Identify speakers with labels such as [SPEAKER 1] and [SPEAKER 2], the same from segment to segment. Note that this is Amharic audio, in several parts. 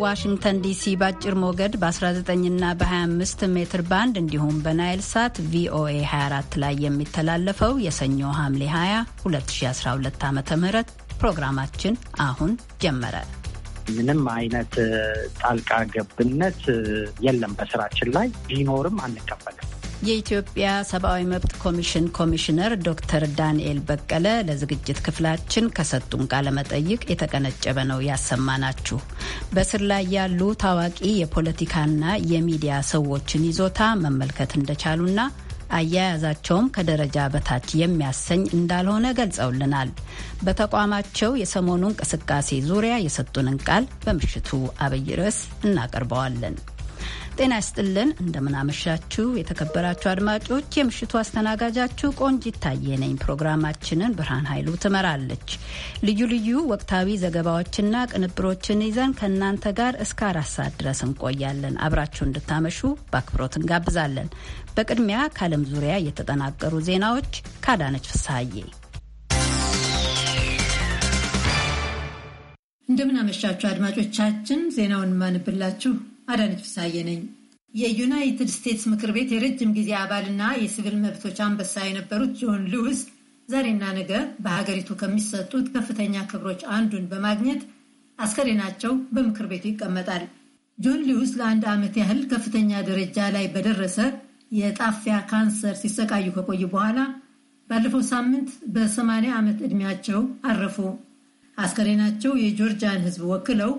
[SPEAKER 1] በዋሽንግተን ዲሲ በአጭር ሞገድ በ19ና በ25 ሜትር ባንድ እንዲሁም በናይል ሳት ቪኦኤ 24 ላይ የሚተላለፈው የሰኞ ሐምሌ 20 2012 ዓ ም ፕሮግራማችን አሁን ጀመረ።
[SPEAKER 2] ምንም አይነት ጣልቃ ገብነት የለም። በስራችን ላይ ቢኖርም አንቀበልም።
[SPEAKER 1] የኢትዮጵያ ሰብአዊ መብት ኮሚሽን ኮሚሽነር ዶክተር ዳንኤል በቀለ ለዝግጅት ክፍላችን ከሰጡን ቃለመጠይቅ የተቀነጨበ ነው ያሰማናችሁ። በስር ላይ ያሉ ታዋቂ የፖለቲካና የሚዲያ ሰዎችን ይዞታ መመልከት እንደቻሉና አያያዛቸውም ከደረጃ በታች የሚያሰኝ እንዳልሆነ ገልጸውልናል። በተቋማቸው የሰሞኑ እንቅስቃሴ ዙሪያ የሰጡንን ቃል በምሽቱ አብይ ርዕስ እናቀርበዋለን። ጤና ይስጥልን እንደምናመሻችሁ የተከበራችሁ አድማጮች፣ የምሽቱ አስተናጋጃችሁ ቆንጅ ይታየ ነኝ። ፕሮግራማችንን ብርሃን ኃይሉ ትመራለች። ልዩ ልዩ ወቅታዊ ዘገባዎችና ቅንብሮችን ይዘን ከእናንተ ጋር እስከ አራት ሰዓት ድረስ እንቆያለን። አብራችሁ እንድታመሹ በአክብሮት እንጋብዛለን። በቅድሚያ ከዓለም ዙሪያ የተጠናቀሩ ዜናዎች ካዳነች ፍስሐዬ።
[SPEAKER 3] እንደምናመሻችሁ አድማጮቻችን፣ ዜናውን ማንብላችሁ አዳነች ፍሳዬ ነኝ። የዩናይትድ ስቴትስ ምክር ቤት የረጅም ጊዜ አባልና የሲቪል መብቶች አንበሳ የነበሩት ጆን ሉዊስ ዛሬና ነገ በሀገሪቱ ከሚሰጡት ከፍተኛ ክብሮች አንዱን በማግኘት አስከሬናቸው በምክር ቤቱ ይቀመጣል። ጆን ሉዊስ ለአንድ ዓመት ያህል ከፍተኛ ደረጃ ላይ በደረሰ የጣፊያ ካንሰር ሲሰቃዩ ከቆዩ በኋላ ባለፈው ሳምንት በ ዓመት ዕድሜያቸው አረፉ። አስከሬናቸው የጆርጂያን ሕዝብ ወክለው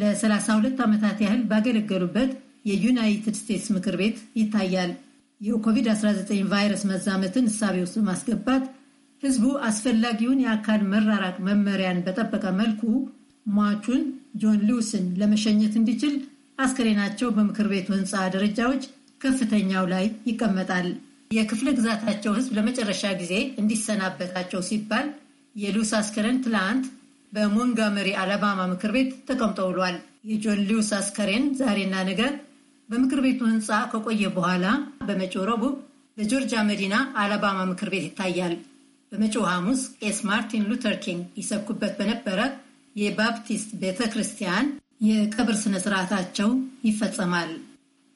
[SPEAKER 3] ለ32 ዓመታት ያህል ባገለገሉበት የዩናይትድ ስቴትስ ምክር ቤት ይታያል። የኮቪድ-19 ቫይረስ መዛመትን እሳቤ ውስጥ በማስገባት ህዝቡ አስፈላጊውን የአካል መራራቅ መመሪያን በጠበቀ መልኩ ሟቹን ጆን ሊውስን ለመሸኘት እንዲችል አስከሬናቸው በምክር ቤቱ ህንፃ ደረጃዎች ከፍተኛው ላይ ይቀመጣል። የክፍለ ግዛታቸው ህዝብ ለመጨረሻ ጊዜ እንዲሰናበታቸው ሲባል የሉስ አስከሬን ትላንት በሞንጋመሪ አላባማ ምክር ቤት ተቀምጦ ውሏል። የጆን ሊውስ አስከሬን ዛሬና ነገ በምክር ቤቱ ህንፃ ከቆየ በኋላ በመጪው ረቡዕ በጆርጂያ መዲና አላባማ ምክር ቤት ይታያል። በመጪው ሐሙስ ቄስ ማርቲን ሉተር ኪንግ ይሰብኩበት በነበረ የባፕቲስት ቤተ ክርስቲያን የቀብር ስነ ስርዓታቸው ይፈጸማል።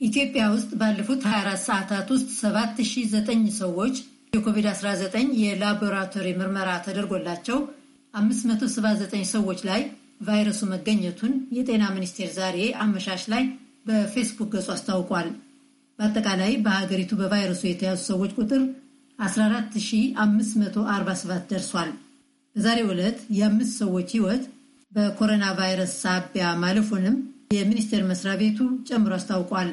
[SPEAKER 3] ኢትዮጵያ ውስጥ ባለፉት 24 ሰዓታት ውስጥ 7009 ሰዎች የኮቪድ-19 የላቦራቶሪ ምርመራ ተደርጎላቸው 579 ሰዎች ላይ ቫይረሱ መገኘቱን የጤና ሚኒስቴር ዛሬ አመሻሽ ላይ በፌስቡክ ገጹ አስታውቋል። በአጠቃላይ በሀገሪቱ በቫይረሱ የተያዙ ሰዎች ቁጥር 14547 ደርሷል። በዛሬው ዕለት የአምስት ሰዎች ሕይወት በኮሮና ቫይረስ ሳቢያ ማለፉንም የሚኒስቴር መስሪያ ቤቱ ጨምሮ አስታውቋል።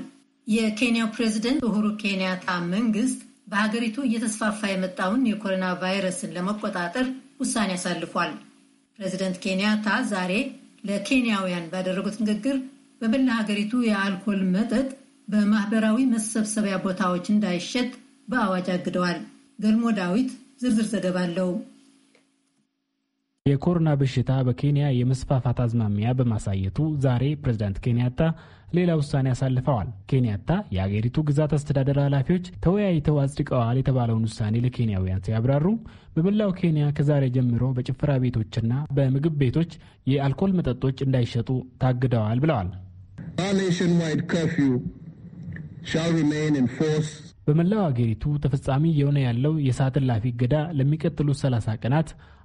[SPEAKER 3] የኬንያው ፕሬዚደንት ኡሁሩ ኬንያታ መንግስት በሀገሪቱ እየተስፋፋ የመጣውን የኮሮና ቫይረስን ለመቆጣጠር ውሳኔ አሳልፏል። ፕሬዚደንት ኬንያታ ዛሬ ለኬንያውያን ባደረጉት ንግግር በመላ ሀገሪቱ የአልኮል መጠጥ በማህበራዊ መሰብሰቢያ ቦታዎች እንዳይሸጥ በአዋጅ አግደዋል። ገልሞ ዳዊት ዝርዝር ዘገባ አለው።
[SPEAKER 4] የኮሮና በሽታ በኬንያ የመስፋፋት አዝማሚያ በማሳየቱ ዛሬ ፕሬዝዳንት ኬንያታ ሌላ ውሳኔ አሳልፈዋል። ኬንያታ የአገሪቱ ግዛት አስተዳደር ኃላፊዎች ተወያይተው አጽድቀዋል የተባለውን ውሳኔ ለኬንያውያን ሲያብራሩ በመላው ኬንያ ከዛሬ ጀምሮ በጭፈራ ቤቶችና በምግብ ቤቶች የአልኮል መጠጦች እንዳይሸጡ ታግደዋል ብለዋል። በመላው አገሪቱ ተፈጻሚ የሆነ ያለው የሰዓት እላፊ እገዳ ለሚቀጥሉት 30 ቀናት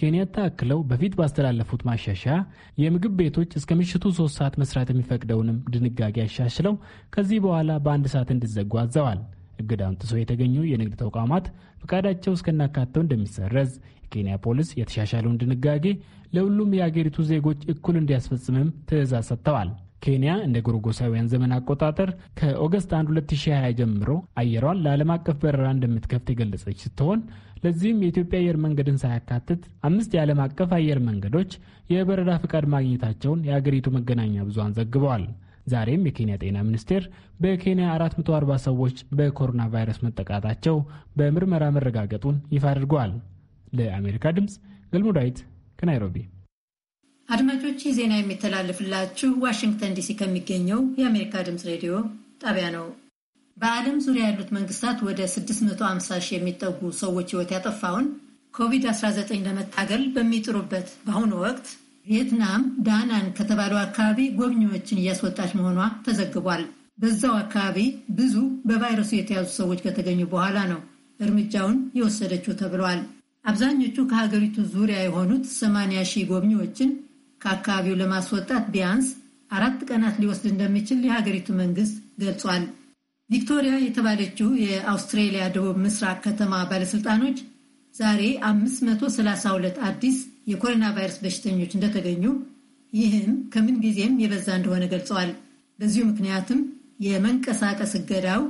[SPEAKER 4] ኬንያታ አክለው በፊት ባስተላለፉት ማሻሻያ የምግብ ቤቶች እስከ ምሽቱ ሶስት ሰዓት መስራት የሚፈቅደውንም ድንጋጌ ያሻሽለው ከዚህ በኋላ በአንድ ሰዓት እንዲዘጉ አዘዋል። እገዳውን ጥሶ የተገኙ የንግድ ተቋማት ፈቃዳቸው እስከናካተው እንደሚሰረዝ የኬንያ ፖሊስ የተሻሻለውን ድንጋጌ ለሁሉም የአገሪቱ ዜጎች እኩል እንዲያስፈጽምም ትዕዛዝ ሰጥተዋል። ኬንያ እንደ ጎርጎሳውያን ዘመን አቆጣጠር ከኦገስት 1 2020 ጀምሮ አየሯን ለዓለም አቀፍ በረራ እንደምትከፍት የገለጸች ስትሆን ለዚህም የኢትዮጵያ አየር መንገድን ሳያካትት አምስት የዓለም አቀፍ አየር መንገዶች የበረራ ፍቃድ ማግኘታቸውን የአገሪቱ መገናኛ ብዙሃን ዘግበዋል። ዛሬም የኬንያ ጤና ሚኒስቴር በኬንያ 440 ሰዎች በኮሮና ቫይረስ መጠቃታቸው በምርመራ መረጋገጡን ይፋ አድርገዋል። ለአሜሪካ ድምፅ ገልሞ ዳዊት ከናይሮቢ።
[SPEAKER 3] አድማጮች ዜና የሚተላለፍላችሁ ዋሽንግተን ዲሲ ከሚገኘው የአሜሪካ ድምፅ ሬዲዮ ጣቢያ ነው። በዓለም ዙሪያ ያሉት መንግስታት ወደ 650 ሺህ የሚጠጉ ሰዎች ህይወት ያጠፋውን ኮቪድ-19 ለመታገል በሚጥሩበት በአሁኑ ወቅት ቪየትናም ዳናን ከተባለው አካባቢ ጎብኚዎችን እያስወጣች መሆኗ ተዘግቧል። በዛው አካባቢ ብዙ በቫይረሱ የተያዙ ሰዎች ከተገኙ በኋላ ነው እርምጃውን የወሰደችው ተብሏል። አብዛኞቹ ከሀገሪቱ ዙሪያ የሆኑት 80 ሺህ ጎብኚዎችን ከአካባቢው ለማስወጣት ቢያንስ አራት ቀናት ሊወስድ እንደሚችል የሀገሪቱ መንግስት ገልጿል። ቪክቶሪያ የተባለችው የአውስትሬሊያ ደቡብ ምስራቅ ከተማ ባለስልጣኖች ዛሬ 532 አዲስ የኮሮና ቫይረስ በሽተኞች እንደተገኙ፣ ይህም ከምን ጊዜም የበዛ እንደሆነ ገልጸዋል። በዚሁ ምክንያትም የመንቀሳቀስ እገዳው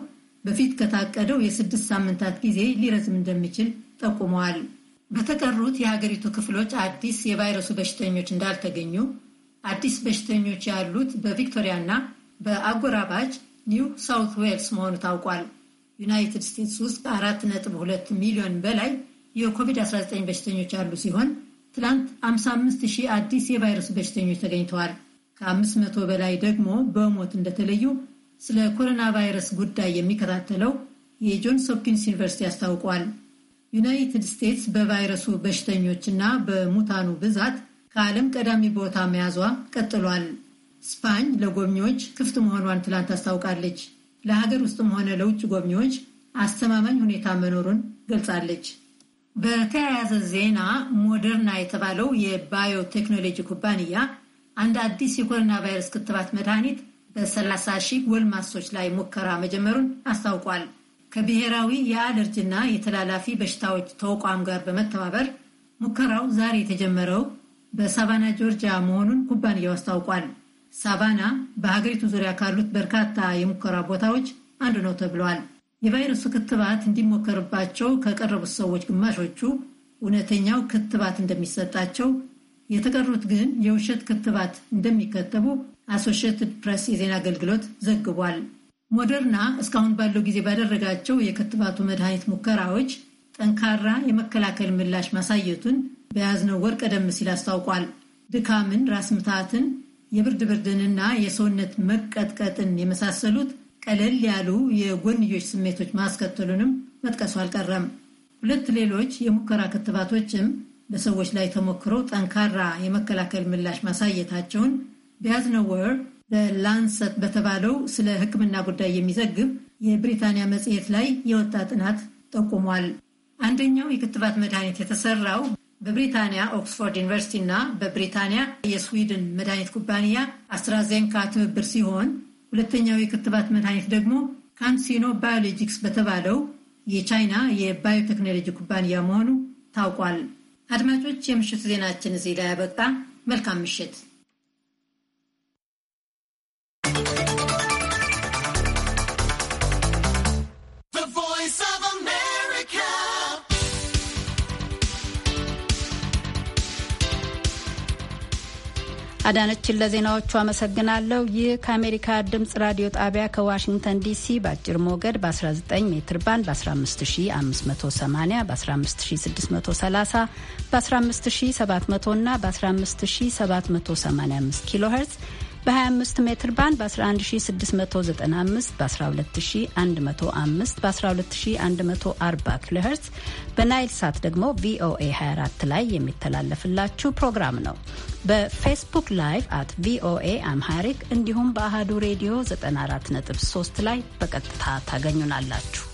[SPEAKER 3] በፊት ከታቀደው የስድስት ሳምንታት ጊዜ ሊረዝም እንደሚችል ጠቁመዋል። በተቀሩት የሀገሪቱ ክፍሎች አዲስ የቫይረሱ በሽተኞች እንዳልተገኙ፣ አዲስ በሽተኞች ያሉት በቪክቶሪያና በአጎራባች ኒው ሳውት ዌልስ መሆኑ ታውቋል። ዩናይትድ ስቴትስ ውስጥ ከ ሁለት ሚሊዮን በላይ የኮቪድ-19 በሽተኞች ያሉ ሲሆን ትላንት 55 ሺህ አዲስ የቫይረሱ በሽተኞች ተገኝተዋል። ከ500 በላይ ደግሞ በሞት እንደተለዩ ስለ ኮሮና ቫይረስ ጉዳይ የሚከታተለው የጆንስ ሆፕኪንስ ዩኒቨርሲቲ አስታውቋል። ዩናይትድ ስቴትስ በቫይረሱ በሽተኞችና በሙታኑ ብዛት ከዓለም ቀዳሚ ቦታ መያዟ ቀጥሏል። ስፓኝ ለጎብኚዎች ክፍት መሆኗን ትላንት አስታውቃለች። ለሀገር ውስጥም ሆነ ለውጭ ጎብኚዎች አስተማማኝ ሁኔታ መኖሩን ገልጻለች። በተያያዘ ዜና ሞደርና የተባለው የባዮቴክኖሎጂ ኩባንያ አንድ አዲስ የኮሮና ቫይረስ ክትባት መድኃኒት በ30 ሺህ ጎልማሶች ላይ ሙከራ መጀመሩን አስታውቋል። ከብሔራዊ የአለርጅና የተላላፊ በሽታዎች ተቋም ጋር በመተባበር ሙከራው ዛሬ የተጀመረው በሳቫና ጆርጂያ መሆኑን ኩባንያው አስታውቋል። ሳቫና በሀገሪቱ ዙሪያ ካሉት በርካታ የሙከራ ቦታዎች አንዱ ነው ተብሏል። የቫይረሱ ክትባት እንዲሞከርባቸው ከቀረቡት ሰዎች ግማሾቹ እውነተኛው ክትባት እንደሚሰጣቸው፣ የተቀሩት ግን የውሸት ክትባት እንደሚከተቡ አሶሺየትድ ፕሬስ የዜና አገልግሎት ዘግቧል። ሞደርና እስካሁን ባለው ጊዜ ባደረጋቸው የክትባቱ መድኃኒት ሙከራዎች ጠንካራ የመከላከል ምላሽ ማሳየቱን በያዝነው ወር ቀደም ሲል አስታውቋል። ድካምን፣ ራስ ምታትን፣ የብርድ ብርድንና የሰውነት መቀጥቀጥን የመሳሰሉት ቀለል ያሉ የጎንዮሽ ስሜቶች ማስከተሉንም መጥቀሱ አልቀረም። ሁለት ሌሎች የሙከራ ክትባቶችም በሰዎች ላይ ተሞክረው ጠንካራ የመከላከል ምላሽ ማሳየታቸውን በያዝነው ወር በላንሰት በተባለው ስለ ሕክምና ጉዳይ የሚዘግብ የብሪታንያ መጽሔት ላይ የወጣ ጥናት ጠቁሟል። አንደኛው የክትባት መድኃኒት የተሰራው በብሪታንያ ኦክስፎርድ ዩኒቨርሲቲ እና በብሪታንያ የስዊድን መድኃኒት ኩባንያ አስትራዜንካ ትብብር ሲሆን ሁለተኛው የክትባት መድኃኒት ደግሞ ካንሲኖ ባዮሎጂክስ በተባለው የቻይና የባዮቴክኖሎጂ ኩባንያ መሆኑ ታውቋል። አድማጮች፣ የምሽት ዜናችን እዚህ ላይ ያበቃ። መልካም ምሽት።
[SPEAKER 1] አዳነችን ለዜናዎቹ አመሰግናለሁ። ይህ ከአሜሪካ ድምጽ ራዲዮ ጣቢያ ከዋሽንግተን ዲሲ በአጭር ሞገድ በ19 ሜትር ባንድ በ15580 በ15630 በ15700 እና በ15785 ኪሎ ሄርዝ በ25 ሜትር ባንድ በ11695 በ12105 በ12140 ኪሎ ሄርዝ በናይል ሳት ደግሞ ቪኦኤ 24 ላይ የሚተላለፍላችሁ ፕሮግራም ነው። በፌስቡክ ላይቭ አት ቪኦኤ አምሃሪክ እንዲሁም በአህዱ ሬዲዮ 94.3 ላይ በቀጥታ ታገኙናላችሁ።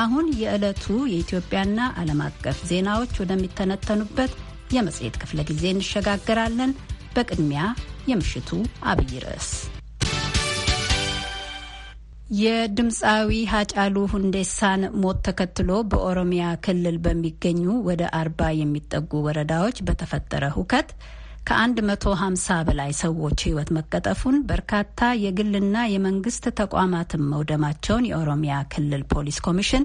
[SPEAKER 1] አሁን የዕለቱ የኢትዮጵያና ዓለም አቀፍ ዜናዎች ወደሚተነተኑበት የመጽሔት ክፍለ ጊዜ እንሸጋገራለን። በቅድሚያ የምሽቱ አብይ ርዕስ የድምፃዊ ሀጫሉ ሁንዴሳን ሞት ተከትሎ በኦሮሚያ ክልል በሚገኙ ወደ አርባ የሚጠጉ ወረዳዎች በተፈጠረ ሁከት ከ150 በላይ ሰዎች ህይወት መቀጠፉን በርካታ የግልና የመንግስት ተቋማትን መውደማቸውን የኦሮሚያ ክልል ፖሊስ ኮሚሽን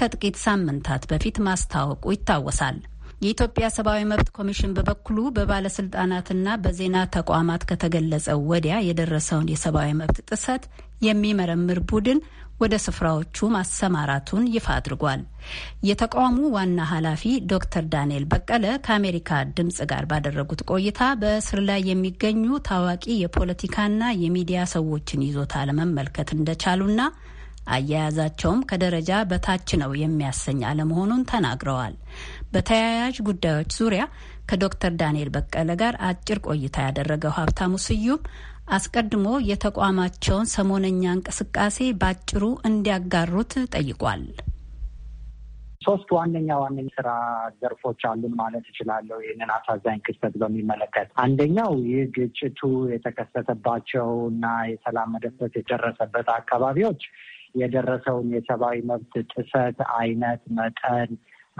[SPEAKER 1] ከጥቂት ሳምንታት በፊት ማስታወቁ ይታወሳል። የኢትዮጵያ ሰብአዊ መብት ኮሚሽን በበኩሉ በባለስልጣናትና በዜና ተቋማት ከተገለጸው ወዲያ የደረሰውን የሰብአዊ መብት ጥሰት የሚመረምር ቡድን ወደ ስፍራዎቹ ማሰማራቱን ይፋ አድርጓል። የተቋሙ ዋና ኃላፊ ዶክተር ዳንኤል በቀለ ከአሜሪካ ድምፅ ጋር ባደረጉት ቆይታ በእስር ላይ የሚገኙ ታዋቂ የፖለቲካና የሚዲያ ሰዎችን ይዞታ ለመመልከት እንደቻሉና አያያዛቸውም ከደረጃ በታች ነው የሚያሰኝ አለመሆኑን ተናግረዋል። በተያያዥ ጉዳዮች ዙሪያ ከዶክተር ዳንኤል በቀለ ጋር አጭር ቆይታ ያደረገው ሀብታሙ ስዩም አስቀድሞ የተቋማቸውን ሰሞነኛ እንቅስቃሴ ባጭሩ እንዲያጋሩት ጠይቋል።
[SPEAKER 2] ሶስት ዋነኛ ዋነኛ ስራ ዘርፎች አሉን ማለት እችላለሁ። ይህንን አሳዛኝ ክስተት በሚመለከት አንደኛው ይህ ግጭቱ የተከሰተባቸው እና የሰላም መደሰት የደረሰበት አካባቢዎች የደረሰውን የሰብአዊ መብት ጥሰት አይነት፣ መጠን፣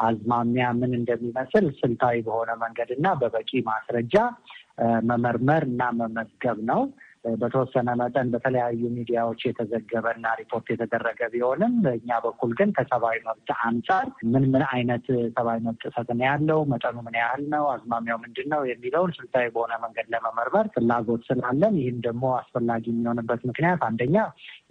[SPEAKER 2] አዝማሚያ ምን እንደሚመስል ስልታዊ በሆነ መንገድ እና በበቂ ማስረጃ መመርመር እና መመዝገብ ነው። በተወሰነ መጠን በተለያዩ ሚዲያዎች የተዘገበ እና ሪፖርት የተደረገ ቢሆንም በእኛ በኩል ግን ከሰብአዊ መብት አንጻር ምን ምን አይነት ሰብአዊ መብት ጥሰት ነው ያለው፣ መጠኑ ምን ያህል ነው፣ አዝማሚያው ምንድን ነው የሚለውን ስልታዊ በሆነ መንገድ ለመመርመር ፍላጎት ስላለን ይህም ደግሞ አስፈላጊ የሚሆንበት ምክንያት አንደኛ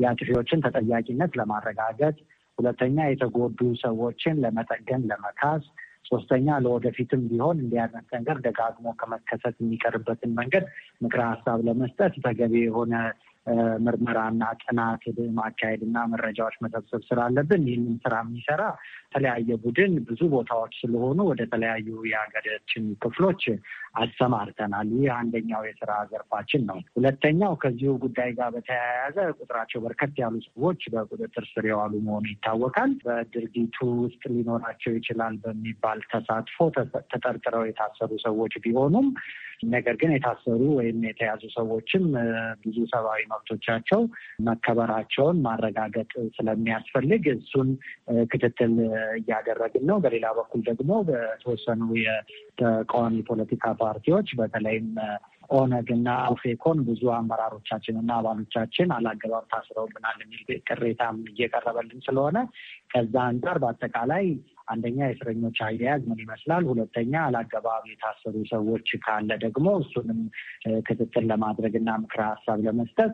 [SPEAKER 2] የአጥፊዎችን ተጠያቂነት ለማረጋገጥ፣ ሁለተኛ የተጎዱ ሰዎችን ለመጠገን፣ ለመካስ ሶስተኛ ለወደፊትም ቢሆን እንዲህ አይነት ነገር ደጋግሞ ከመከሰት የሚቀርበትን መንገድ ምክረ ሀሳብ ለመስጠት ተገቢ የሆነ ምርመራና ጥናት ማካሄድና መረጃዎች መሰብሰብ ስላለብን ይህንን ስራ የሚሰራ የተለያየ ቡድን ብዙ ቦታዎች ስለሆኑ ወደ ተለያዩ የሀገራችን ክፍሎች አሰማርተናል። ይህ አንደኛው የስራ ዘርፋችን ነው። ሁለተኛው ከዚሁ ጉዳይ ጋር በተያያዘ ቁጥራቸው በርከት ያሉ ሰዎች በቁጥጥር ስር የዋሉ መሆኑ ይታወቃል። በድርጊቱ ውስጥ ሊኖራቸው ይችላል በሚባል ተሳትፎ ተጠርጥረው የታሰሩ ሰዎች ቢሆኑም ነገር ግን የታሰሩ ወይም የተያዙ ሰዎችም ብዙ ሰብአዊ መብቶቻቸው መከበራቸውን ማረጋገጥ ስለሚያስፈልግ እሱን ክትትል እያደረግን ነው። በሌላ በኩል ደግሞ በተወሰኑ የተቃዋሚ ፖለቲካ ፓርቲዎች በተለይም ኦነግ እና ኦፌኮን ብዙ አመራሮቻችን እና አባሎቻችን አላገባብ ታስረውብናል የሚል ቅሬታም እየቀረበልን ስለሆነ ከዛ አንጻር በአጠቃላይ አንደኛ የእስረኞች አያያዝ ምን ይመስላል፣ ሁለተኛ አላግባብ የታሰሩ ሰዎች ካለ ደግሞ እሱንም ክትትል ለማድረግና ምክረ ሀሳብ ለመስጠት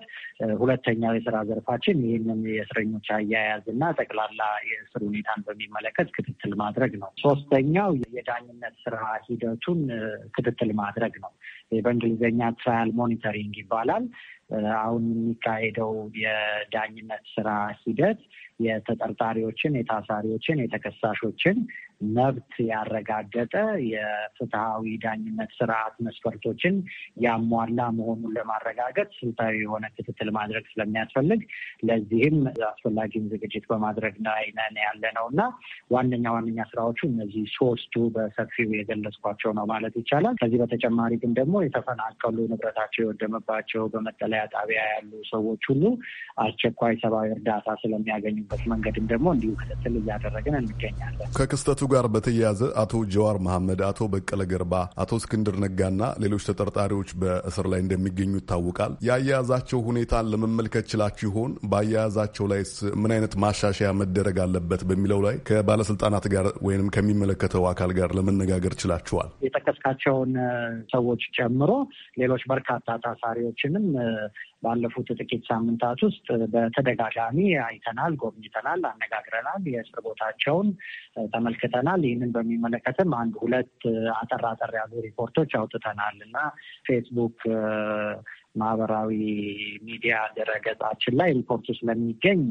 [SPEAKER 2] ሁለተኛው የስራ ዘርፋችን ይህንን የእስረኞች አያያዝ እና ጠቅላላ የእስር ሁኔታን በሚመለከት ክትትል ማድረግ ነው። ሶስተኛው የዳኝነት ስራ ሂደቱን ክትትል ማድረግ ነው። በእንግሊዝኛ ትራያል ሞኒተሪንግ ይባላል። አሁን የሚካሄደው የዳኝነት ስራ ሂደት የተጠርጣሪዎችን፣ የታሳሪዎችን፣ የተከሳሾችን መብት ያረጋገጠ የፍትሐዊ ዳኝነት ስርዓት መስፈርቶችን ያሟላ መሆኑን ለማረጋገጥ ስልታዊ የሆነ ክትትል ማድረግ ስለሚያስፈልግ ለዚህም አስፈላጊውን ዝግጅት በማድረግ ላይ ነን ያለ ነው እና ዋነኛ ዋነኛ ስራዎቹ እነዚህ ሶስቱ በሰፊው የገለጽኳቸው ነው ማለት ይቻላል። ከዚህ በተጨማሪ ግን ደግሞ የተፈናቀሉ ንብረታቸው የወደመባቸው በመጠለያ መጠለያ ጣቢያ ያሉ ሰዎች ሁሉ አስቸኳይ ሰብአዊ እርዳታ ስለሚያገኙበት መንገድም ደግሞ እንዲሁ ክትትል እያደረግን እንገኛለን።
[SPEAKER 5] ከክስተቱ ጋር በተያያዘ አቶ ጀዋር መሐመድ፣ አቶ በቀለ ገርባ፣ አቶ እስክንድር ነጋና ሌሎች ተጠርጣሪዎች በእስር ላይ እንደሚገኙ ይታወቃል። የአያያዛቸው ሁኔታን ለመመልከት ችላችሁ ይሆን? በአያያዛቸው ላይ ምን አይነት ማሻሻያ መደረግ አለበት በሚለው ላይ ከባለስልጣናት ጋር ወይም ከሚመለከተው አካል ጋር ለመነጋገር ችላችኋል?
[SPEAKER 2] የጠቀስካቸውን ሰዎች ጨምሮ ሌሎች በርካታ ታሳሪዎችንም ባለፉት ጥቂት ሳምንታት ውስጥ በተደጋጋሚ አይተናል፣ ጎብኝተናል፣ አነጋግረናል፣ የእስር ቦታቸውን ተመልክተናል። ይህንን በሚመለከትም አንድ ሁለት አጠር አጠር ያሉ ሪፖርቶች አውጥተናል እና ፌስቡክ ማህበራዊ ሚዲያ ድረገጻችን ላይ ሪፖርቱ ስለሚገኝ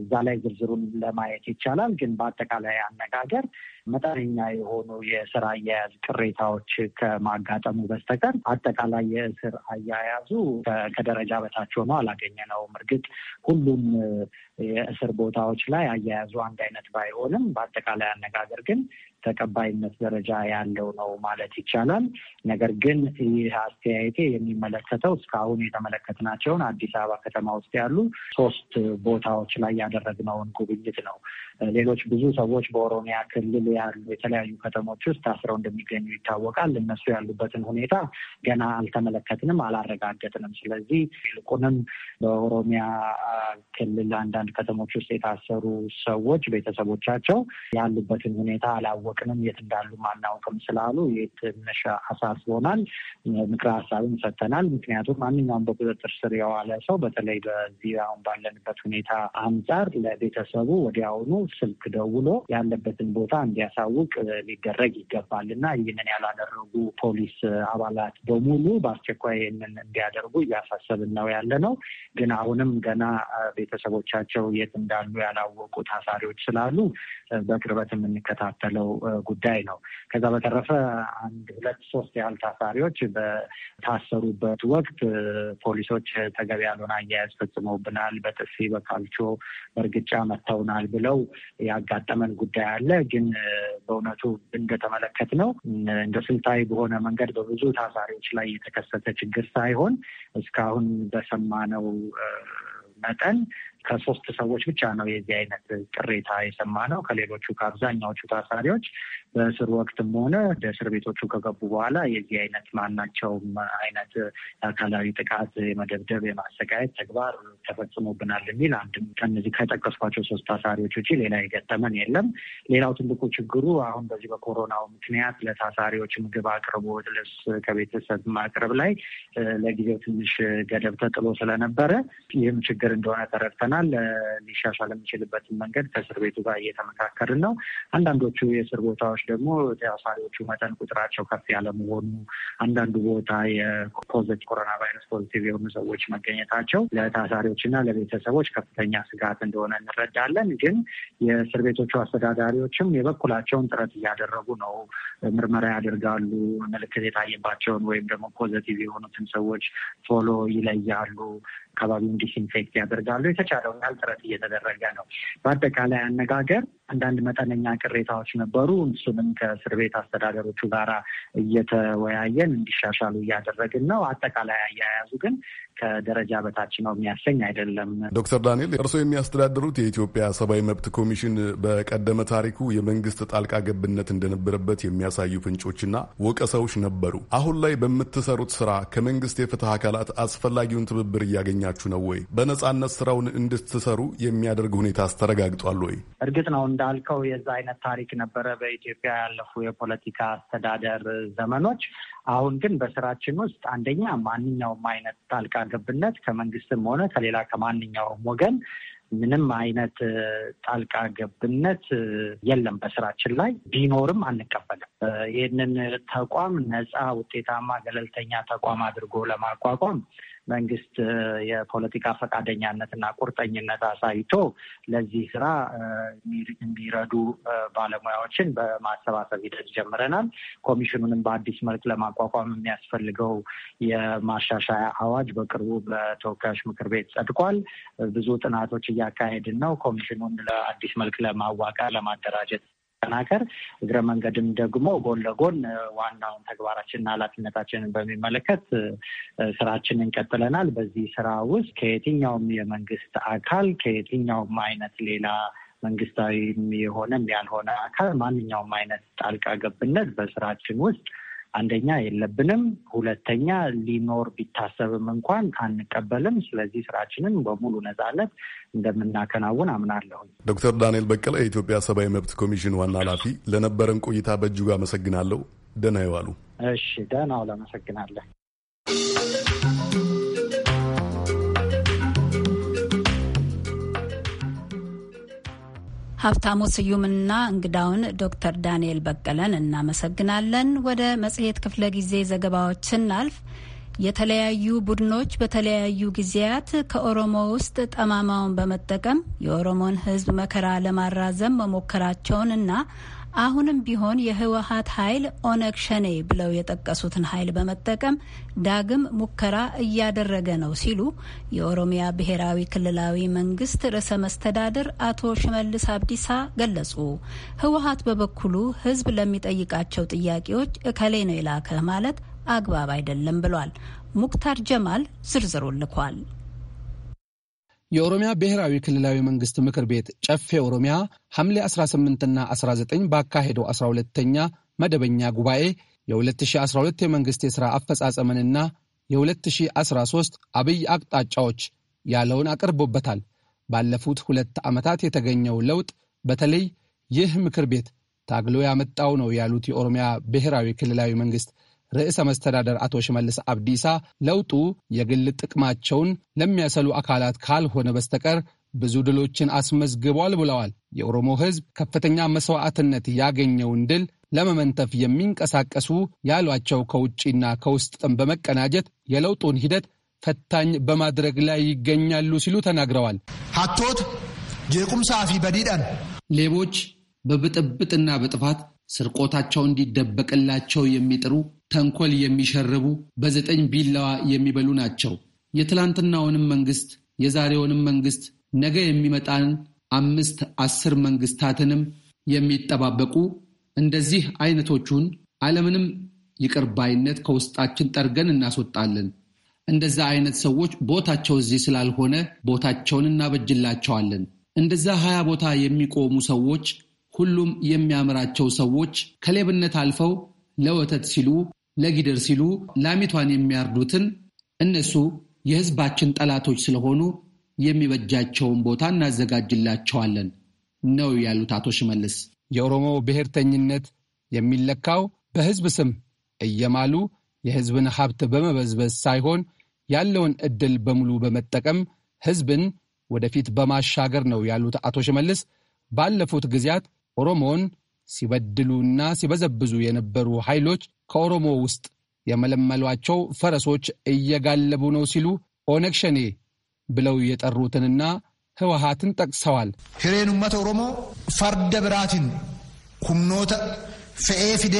[SPEAKER 2] እዛ ላይ ዝርዝሩን ለማየት ይቻላል። ግን በአጠቃላይ አነጋገር መጠነኛ የሆኑ የስር አያያዝ ቅሬታዎች ከማጋጠሙ በስተቀር አጠቃላይ የእስር አያያዙ ከደረጃ በታች ሆኖ አላገኘነውም። እርግጥ ሁሉም የእስር ቦታዎች ላይ አያያዙ አንድ አይነት ባይሆንም በአጠቃላይ አነጋገር ግን ተቀባይነት ደረጃ ያለው ነው ማለት ይቻላል። ነገር ግን ይህ አስተያየቴ የሚመለከተው እስካሁን የተመለከትናቸውን አዲስ አበባ ከተማ ውስጥ ያሉ ሶስት ቦታዎች ላይ ያደረግነውን ጉብኝት ነው። ሌሎች ብዙ ሰዎች በኦሮሚያ ክልል ያሉ የተለያዩ ከተሞች ውስጥ ታስረው እንደሚገኙ ይታወቃል። እነሱ ያሉበትን ሁኔታ ገና አልተመለከትንም፣ አላረጋገጥንም። ስለዚህ ይልቁንም በኦሮሚያ ክልል አንዳንድ ከተሞች ውስጥ የታሰሩ ሰዎች ቤተሰቦቻቸው ያሉበትን ሁኔታ አላወቅንም፣ የት እንዳሉም አናውቅም ስላሉ ይህ ትንሽ አሳስቦናል። ምክረ ሀሳብም ሰጥተናል። ምክንያቱም ማንኛውም በቁጥጥር ስር የዋለ ሰው በተለይ በዚህ አሁን ባለንበት ሁኔታ አንጻር ለቤተሰቡ ወዲያውኑ ስልክ ደውሎ ያለበትን ቦታ እንዲያሳውቅ ሊደረግ ይገባል እና ይህንን ያላደረጉ ፖሊስ አባላት በሙሉ በአስቸኳይ ይህንን እንዲያደርጉ እያሳሰብን ነው ያለ ነው። ግን አሁንም ገና ቤተሰቦቻቸው የት እንዳሉ ያላወቁ ታሳሪዎች ስላሉ በቅርበት የምንከታተለው ጉዳይ ነው። ከዛ በተረፈ አንድ ሁለት ሶስት ያህል ታሳሪዎች በታሰሩበት ወቅት ፖሊሶች ተገቢ ያልሆነ አያያዝ ፈጽመውብናል፣ በጥፊ በካልቾ በእርግጫ መተውናል ብለው ያጋጠመን ጉዳይ አለ። ግን በእውነቱ እንደተመለከት ነው እንደ ስልታዊ በሆነ መንገድ በብዙ ታሳሪዎች ላይ የተከሰተ ችግር ሳይሆን እስካሁን በሰማነው መጠን ከሶስት ሰዎች ብቻ ነው የዚህ አይነት ቅሬታ የሰማ ነው ከሌሎቹ ከአብዛኛዎቹ ታሳሪዎች በእስር ወቅትም ሆነ ወደ እስር ቤቶቹ ከገቡ በኋላ የዚህ አይነት ማናቸውም አይነት አካላዊ ጥቃት የመደብደብ የማሰቃየት ተግባር ተፈጽሞብናል የሚል አንድም ከነዚህ ከጠቀስኳቸው ሶስት ታሳሪዎች ውጭ ሌላ የገጠመን የለም። ሌላው ትልቁ ችግሩ አሁን በዚህ በኮሮናው ምክንያት ለታሳሪዎች ምግብ አቅርቦት፣ ልብስ ከቤተሰብ ማቅረብ ላይ ለጊዜው ትንሽ ገደብ ተጥሎ ስለነበረ ይህም ችግር እንደሆነ ተረድተናል። ሊሻሻል የሚችልበትን መንገድ ከእስር ቤቱ ጋር እየተመካከርን ነው። አንዳንዶቹ የእስር ቦታዎች ደግሞ የአሳሪዎቹ መጠን ቁጥራቸው ከፍ ያለ መሆኑ፣ አንዳንዱ ቦታ የፖዘቲቭ ኮሮና ቫይረስ ፖዚቲቭ የሆኑ ሰዎች መገኘታቸው ለታሳሪዎችና ለቤተሰቦች ከፍተኛ ስጋት እንደሆነ እንረዳለን። ግን የእስር ቤቶቹ አስተዳዳሪዎችም የበኩላቸውን ጥረት እያደረጉ ነው። ምርመራ ያደርጋሉ። ምልክት የታየባቸውን ወይም ደግሞ ፖዘቲቭ የሆኑትን ሰዎች ቶሎ ይለያሉ። አካባቢውን ዲስኢንፌክት ያደርጋሉ። የተቻለውን ያህል ጥረት እየተደረገ ነው። በአጠቃላይ አነጋገር አንዳንድ መጠነኛ ቅሬታዎች ነበሩ። እሱንም ከእስር ቤት አስተዳደሮቹ ጋራ እየተወያየን እንዲሻሻሉ እያደረግን ነው። አጠቃላይ አያያዙ ግን ከደረጃ በታች ነው የሚያሰኝ አይደለም።
[SPEAKER 5] ዶክተር ዳንኤል እርስዎ የሚያስተዳድሩት የኢትዮጵያ ሰብአዊ መብት ኮሚሽን በቀደመ ታሪኩ የመንግስት ጣልቃ ገብነት እንደነበረበት የሚያሳዩ ፍንጮችና ወቀሳዎች ነበሩ። አሁን ላይ በምትሰሩት ስራ ከመንግስት የፍትህ አካላት አስፈላጊውን ትብብር እያገኛችሁ ነው ወይ? በነጻነት ስራውን እንድትሰሩ የሚያደርግ ሁኔታ አስተረጋግጧል ወይ?
[SPEAKER 2] እርግጥ ነው እንዳልከው የዛ አይነት ታሪክ ነበረ በኢትዮጵያ ያለፉ የፖለቲካ አስተዳደር ዘመኖች አሁን ግን በስራችን ውስጥ አንደኛ ማንኛውም አይነት ጣልቃ ገብነት ከመንግስትም ሆነ ከሌላ ከማንኛውም ወገን ምንም አይነት ጣልቃ ገብነት የለም። በስራችን ላይ ቢኖርም አንቀበልም። ይህንን ተቋም ነፃ፣ ውጤታማ፣ ገለልተኛ ተቋም አድርጎ ለማቋቋም መንግስት የፖለቲካ ፈቃደኛነትና ቁርጠኝነት አሳይቶ ለዚህ ስራ የሚረዱ ባለሙያዎችን በማሰባሰብ ሂደት ጀምረናል። ኮሚሽኑንም በአዲስ መልክ ለማቋቋም የሚያስፈልገው የማሻሻያ አዋጅ በቅርቡ በተወካዮች ምክር ቤት ጸድቋል። ብዙ ጥናቶች እያካሄድን ነው። ኮሚሽኑን ለአዲስ መልክ ለማዋቀር ለማደራጀት ማጠናከር፣ እግረ መንገድም ደግሞ ጎን ለጎን ዋናውን ተግባራችንና ኃላፊነታችንን በሚመለከት ስራችንን ቀጥለናል። በዚህ ስራ ውስጥ ከየትኛውም የመንግስት አካል ከየትኛውም አይነት ሌላ መንግስታዊም የሆነም ያልሆነ አካል ማንኛውም አይነት ጣልቃ ገብነት በስራችን ውስጥ አንደኛ የለብንም፣ ሁለተኛ ሊኖር ቢታሰብም እንኳን አንቀበልም። ስለዚህ ስራችንን በሙሉ ነጻነት እንደምናከናውን አምናለሁ።
[SPEAKER 5] ዶክተር ዳንኤል በቀለ የኢትዮጵያ ሰብአዊ መብት ኮሚሽን ዋና ኃላፊ፣ ለነበረን ቆይታ በእጅጉ አመሰግናለሁ። ደህና ይዋሉ።
[SPEAKER 2] እሺ፣ ደህና ዋሉ።
[SPEAKER 1] ሀብታሙ ስዩምና እንግዳውን ዶክተር ዳንኤል በቀለን እናመሰግናለን። ወደ መጽሔት ክፍለ ጊዜ ዘገባዎች ስናልፍ የተለያዩ ቡድኖች በተለያዩ ጊዜያት ከኦሮሞ ውስጥ ጠማማውን በመጠቀም የኦሮሞን ሕዝብ መከራ ለማራዘም እና አሁንም ቢሆን የህወሀት ኃይል ኦነግ ሸኔ ብለው የጠቀሱትን ኃይል በመጠቀም ዳግም ሙከራ እያደረገ ነው ሲሉ የኦሮሚያ ብሔራዊ ክልላዊ መንግስት ርዕሰ መስተዳድር አቶ ሽመልስ አብዲሳ ገለጹ። ህወሀት በበኩሉ ህዝብ ለሚጠይቃቸው ጥያቄዎች እከሌ ነው የላከህ ማለት አግባብ አይደለም ብሏል። ሙክታር ጀማል ዝርዝሩ ልኳል።
[SPEAKER 6] የኦሮሚያ ብሔራዊ ክልላዊ መንግስት ምክር ቤት ጨፌ ኦሮሚያ ሐምሌ 18ና 19 ባካሄደው 12ተኛ መደበኛ ጉባኤ የ2012 የመንግሥት የሥራ አፈጻጸምንና የ2013 አብይ አቅጣጫዎች ያለውን አቅርቦበታል። ባለፉት ሁለት ዓመታት የተገኘው ለውጥ በተለይ ይህ ምክር ቤት ታግሎ ያመጣው ነው ያሉት የኦሮሚያ ብሔራዊ ክልላዊ መንግሥት ርዕሰ መስተዳደር አቶ ሽመልስ አብዲሳ ለውጡ የግል ጥቅማቸውን ለሚያሰሉ አካላት ካልሆነ በስተቀር ብዙ ድሎችን አስመዝግቧል ብለዋል። የኦሮሞ ሕዝብ ከፍተኛ መስዋዕትነት ያገኘውን ድል ለመመንተፍ የሚንቀሳቀሱ ያሏቸው ከውጭና ከውስጥም በመቀናጀት የለውጡን ሂደት ፈታኝ በማድረግ ላይ ይገኛሉ ሲሉ ተናግረዋል። ሀቶት ጄቁም ፊ በዲዳን ሌቦች በብጥብጥና በጥፋት ስርቆታቸው እንዲደበቅላቸው የሚጥሩ ተንኮል የሚሸርቡ በዘጠኝ ቢላዋ የሚበሉ ናቸው። የትላንትናውንም መንግስት የዛሬውንም መንግስት ነገ የሚመጣን አምስት አስር መንግስታትንም የሚጠባበቁ እንደዚህ አይነቶቹን ዓለምንም ይቅር ባይነት ከውስጣችን ጠርገን እናስወጣለን። እንደዛ አይነት ሰዎች ቦታቸው እዚህ ስላልሆነ ቦታቸውን እናበጅላቸዋለን። እንደዛ ሀያ ቦታ የሚቆሙ ሰዎች ሁሉም የሚያምራቸው ሰዎች ከሌብነት አልፈው ለወተት ሲሉ ለጊደር ሲሉ ላሚቷን የሚያርዱትን እነሱ የሕዝባችን ጠላቶች ስለሆኑ የሚበጃቸውን ቦታ እናዘጋጅላቸዋለን ነው ያሉት አቶ ሽመልስ። የኦሮሞ ብሔርተኝነት የሚለካው በሕዝብ ስም እየማሉ የሕዝብን ሀብት በመበዝበዝ ሳይሆን ያለውን ዕድል በሙሉ በመጠቀም ሕዝብን ወደፊት በማሻገር ነው ያሉት አቶ ሽመልስ ባለፉት ጊዜያት ኦሮሞን ሲበድሉና ሲበዘብዙ የነበሩ ኃይሎች ከኦሮሞ ውስጥ የመለመሏቸው ፈረሶች እየጋለቡ ነው ሲሉ ኦነግ ሸኔ ብለው የጠሩትንና ህወሀትን ጠቅሰዋል። ሂሬን ኡመተ ኦሮሞ ፈርደ ብራትን ኩምኖተ ፍኤ ፊዴ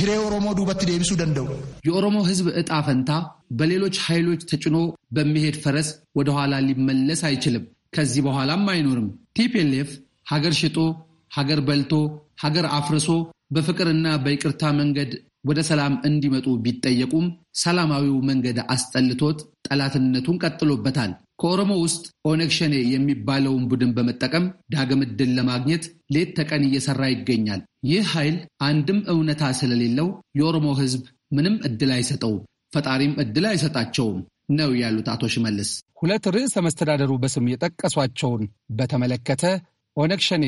[SPEAKER 6] ሂሬ ኦሮሞ ዱበት ደብሱ ደንደው የኦሮሞ ህዝብ ዕጣ ፈንታ በሌሎች ኃይሎች ተጭኖ በሚሄድ ፈረስ ወደኋላ ሊመለስ አይችልም። ከዚህ በኋላም አይኖርም። ቲፒኤልኤፍ ሀገር ሽጦ ሀገር በልቶ ሀገር አፍርሶ በፍቅርና በይቅርታ መንገድ ወደ ሰላም እንዲመጡ ቢጠየቁም ሰላማዊው መንገድ አስጠልቶት ጠላትነቱን ቀጥሎበታል። ከኦሮሞ ውስጥ ኦነግ ሸኔ የሚባለውን ቡድን በመጠቀም ዳግም ዕድል ለማግኘት ሌት ተቀን እየሰራ ይገኛል። ይህ ኃይል አንድም እውነታ ስለሌለው የኦሮሞ ሕዝብ ምንም ዕድል አይሰጠውም፣ ፈጣሪም ዕድል አይሰጣቸውም ነው ያሉት አቶ ሽመልስ። ሁለት ርዕሰ መስተዳደሩ በስም የጠቀሷቸውን በተመለከተ ኦነግ ሸኔ